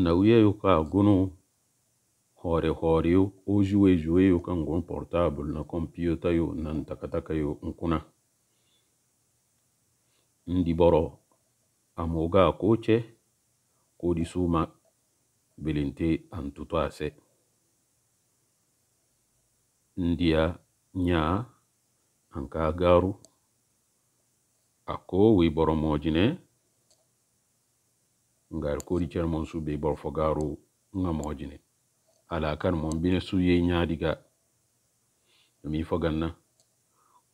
nawiyayo ka gunu hore horeyo ojuwe juweyo kan gun portable na kompiyuta yu na ntakataka yu nkuna ndi boro amoga koche kodi suma belinte antuto ase ndia nya anka garu ako wi boro mojine ngal kodikel mon su be borfogaru nga mojine alakan mon bine su ye nyadiga mi foganna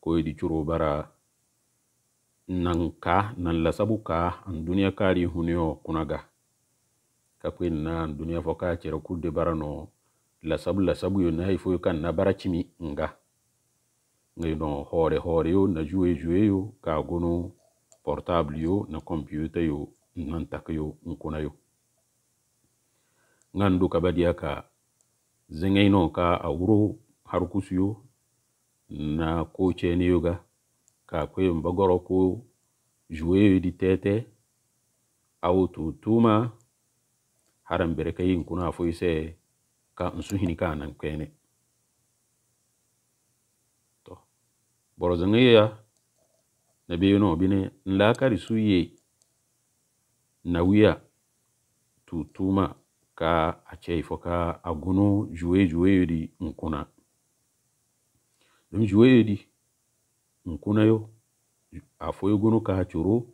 ko yidi curo bara nan ka nan la sabu ka an duniya kari hunio kunaga ka kwen na an duniya foka cera kudde bara no la sabu la sabu yo nayi fo kan na bara chimi nga ngay no hore hore yo na juwe juwe yo ka gono portable yo na computer yo nan takyo nkuna yo ngandu kabadiya ka zengeino ka a wuro harkusu yo na ko ceni yo ga ka kwe mbagoro ko juwe yo di tete awo tutuma haram bereka yi nkuna afo yise ka nsuhini ka nan kwene boro zengeya na biyo no bine nlakari suyi nawia tutuma ka a ce ifo ka a gunu juwe juwe yodi nkuna yọ juwe yodi nkuna yo afo gunu ka coro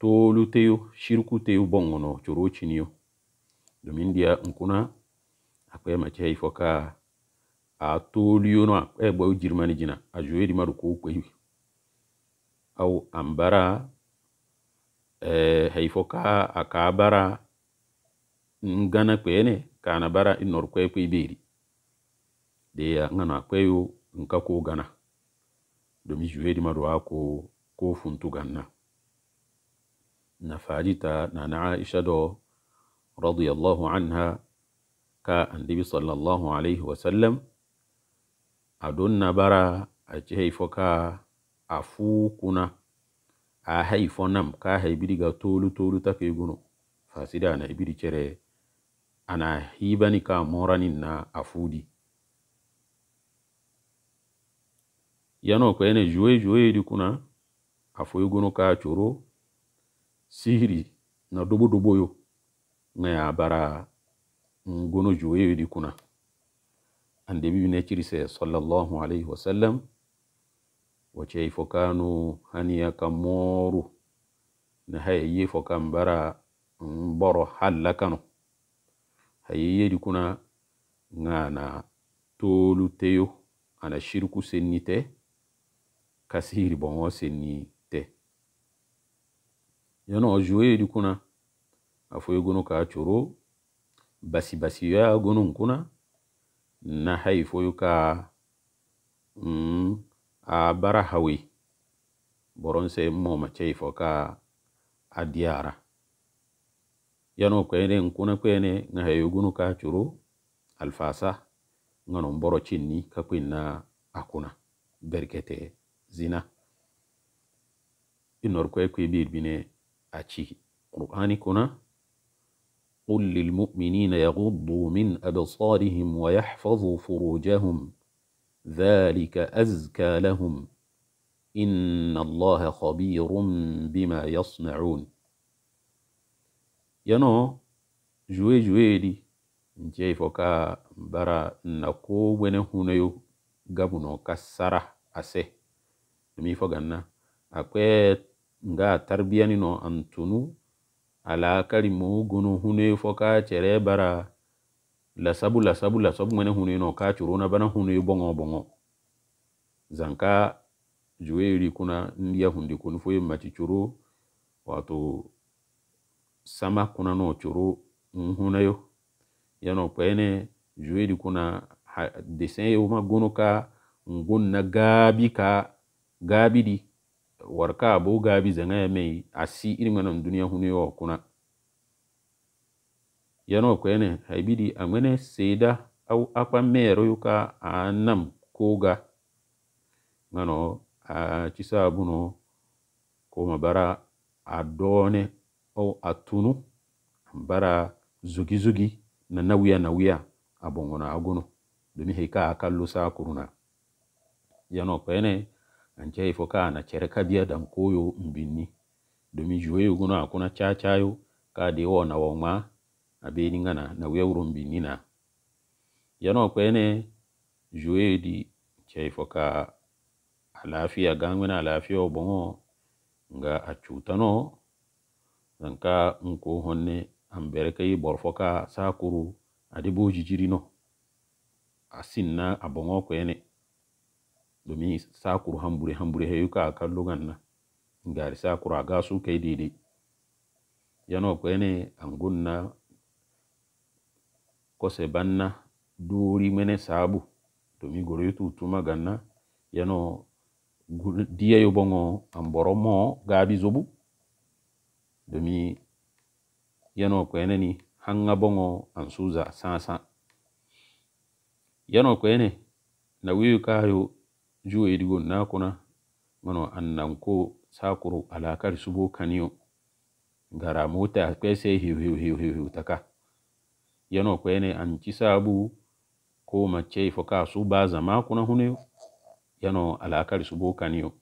tolu teyo shirku teyo bongono coro chiniyo domin dia nkuna akwe mace ifo ka a toliyo no akwe gbo jirmani jina a juwe di maru ko kwe au ambara eh, a aka bara ngana kwene kana bara inor kwe kwe beri de ya ngana kweyo nka ko gana domi juwe di maruwa ko ko funtu gana. na fajita na na aisha do radiyallahu anha ka annabi sallallahu alaihi wa adon adonna bara a ce haifoka a fukuna a hayi fo nam ka hay biri ga tolu tolu take guno fasida ana e ibiri cere ana hibani ka morani na afudi yano ko ene joye joye di kuna afoyi guno ka choro sihiri na dobo dobo yo ngaya bara guno joye di kuna ande bi ne ciri se sallallahu alaihi wasallam wacce yi fokanu hani ya kan moru na haye yi fokan bara mm, mboro hallakano haye yedi kuna ngana tolu teyo ana shirku senni te kasiri bongo senni te yano o juwe yedi kuna afu yegunu ka churu basi basi ya gunu kuna na haye foyu ka mm, a bara hawi boronse moma chei foka adiara yano kwene nkuna kwene nga hayugunu ka churu alfasa ngano mboro chini kakwina akuna berkete zina inor kwe kwe birbine achi qur'ani kuna قل للمؤمنين يغضوا من أبصارهم ويحفظوا furujahum ذلك أزكى لهم إن الله خبير بما يصنعون ينو جوي جوي دي نجي فوكا برا نكو وينه هنيو gabuno kasara ase dumi fo ganna akwe nga tarbiyani no antunu ala kari mu gunu hune fo ka cere bara lasabu lasabu lasabu mene hunu ino ka curuna bana hunu yu bongo bongo zanka juwe yuri kuna ndiya hundi kuni machi curu wato sama kuna no curu nhuna yo yano kwene juwe yuri kuna desen yo ma ka ngun na gabi ka gabi di warka bo gabi zanga ya mei asi iri mana duniya hunu yo kuna yano kwene haibidi amene seda au apa mero yuka anam koga ngano a chisa buno koma bara adone au atunu bara zugi zugi na nawiya nawiya abongona agono domin heka akallo sa kuruna yana kwene ance ifo ka na cere kabiya dan koyo mbini domin juwe yuguno akuna chachayo ka de wona wongma abeninga na na wewuro mbinina yano kwene juedi kyaifo ka alafiya gangwe na alafiya obongo nga achutano zanka nko honne ambereka yi borfo ka sakuru adibo jijirino asinna abongo kwene domi sakuru hambure hambure heyu ka akallugan na ngari sakuru agasu kai dede yano kwene angunna kose banna duuri mene saabu tomi goro yo tutuma ganna yano diya yo boŋo an boro mo gaabi zobu domi yano kwene ni hanga boŋo an suza sasa yano kwene na wiyo kayo juo edigo nakuna ŋono an nanko sakuru alakari subo kaniyo ngara mota kwese hiu hiu hiu hiu taka yano kwene an ci sabu ko mace ifo ka su ba zama kuna hune yano alakari su boka niyo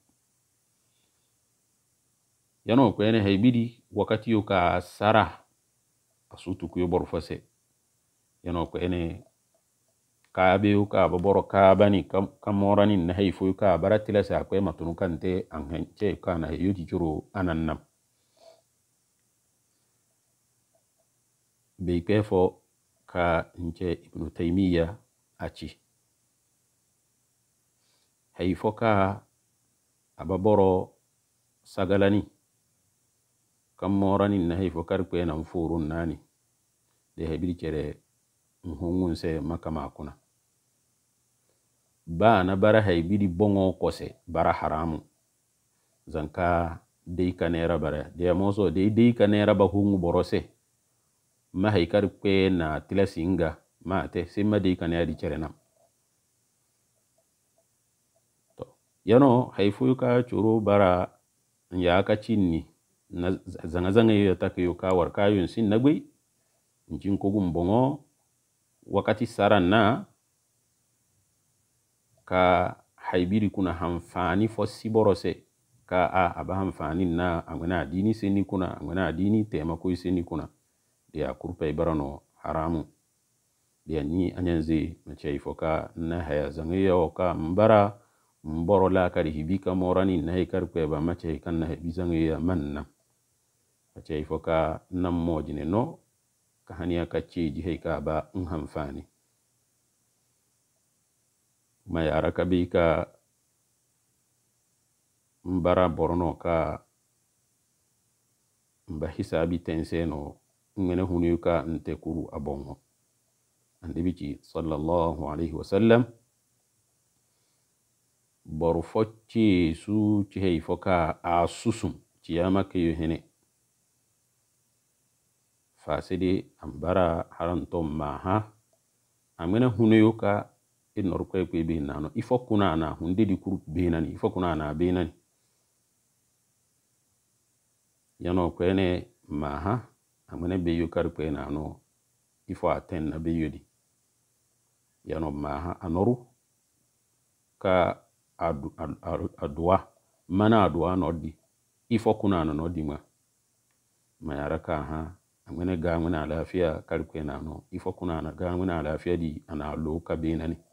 yano kwene haibidi wakati yo ka sara asutu kuyo borfase yano kwene kaabe yo ka baboro kaabani kamorani na haifo yo ka baratila sa kwe matunukante an hanche ka na hiyo jichuru anannam beipefo ka nke ibnu taimiya achi haifo ka ababoro sagalani kan moranin na haifo karkwe na furun nani da ya bilkere nhungun se maka makuna ba na bara haibiri bongo kose bara haramu zanka deika nera bara da ya moso dai deika nera ba hungu borose se ma haikar kwe na tilasi nga ma te sai madai kan yari cire nan to yano haifu ka churu bara ya ka cinni na zanga zanga yo ta kiyo ka war ka yun sin nagwi njin ko gum bongo wakati saran na ka haibiri kuna hamfani fo siborose ka a aba hamfani na angwana dini sini kuna angwana dini tema kuyi sini kuna ɗi a kurpey barano haramu ɗi a ni anyanzi mace ifo ka nahaya zangiyawo ka mbara mboro la kadi hibi ka morani nahi karpe ba mace kan nahi bi zangiya man na mace ifo ka nan mojine no ka haniya ka ce ji hai ka ba in hamfani ma yara ka bi ka mbara borno ka mba hisabi tenseno ngene hunuyuka nte kuru a bonŋo andibi ci sallallahu alayhi wa sallam boru fo ciisu cihei fo ka a susum ciyama ke yo hene fasidi an bara haranto maha a ŋene hunuyuka e i norukoi kui bi nano ifo kunana hundidi kuru binani ifo kunana binani yano kwene maha amene beyo karpena no ifo aten na beyo di yano maha anoru ka adwa mana adwa no di ifo kuna no no di ma mayara ka ha amene ga amene alafia karpena no ifo kuna na ga amene alafia di ana loka benani ne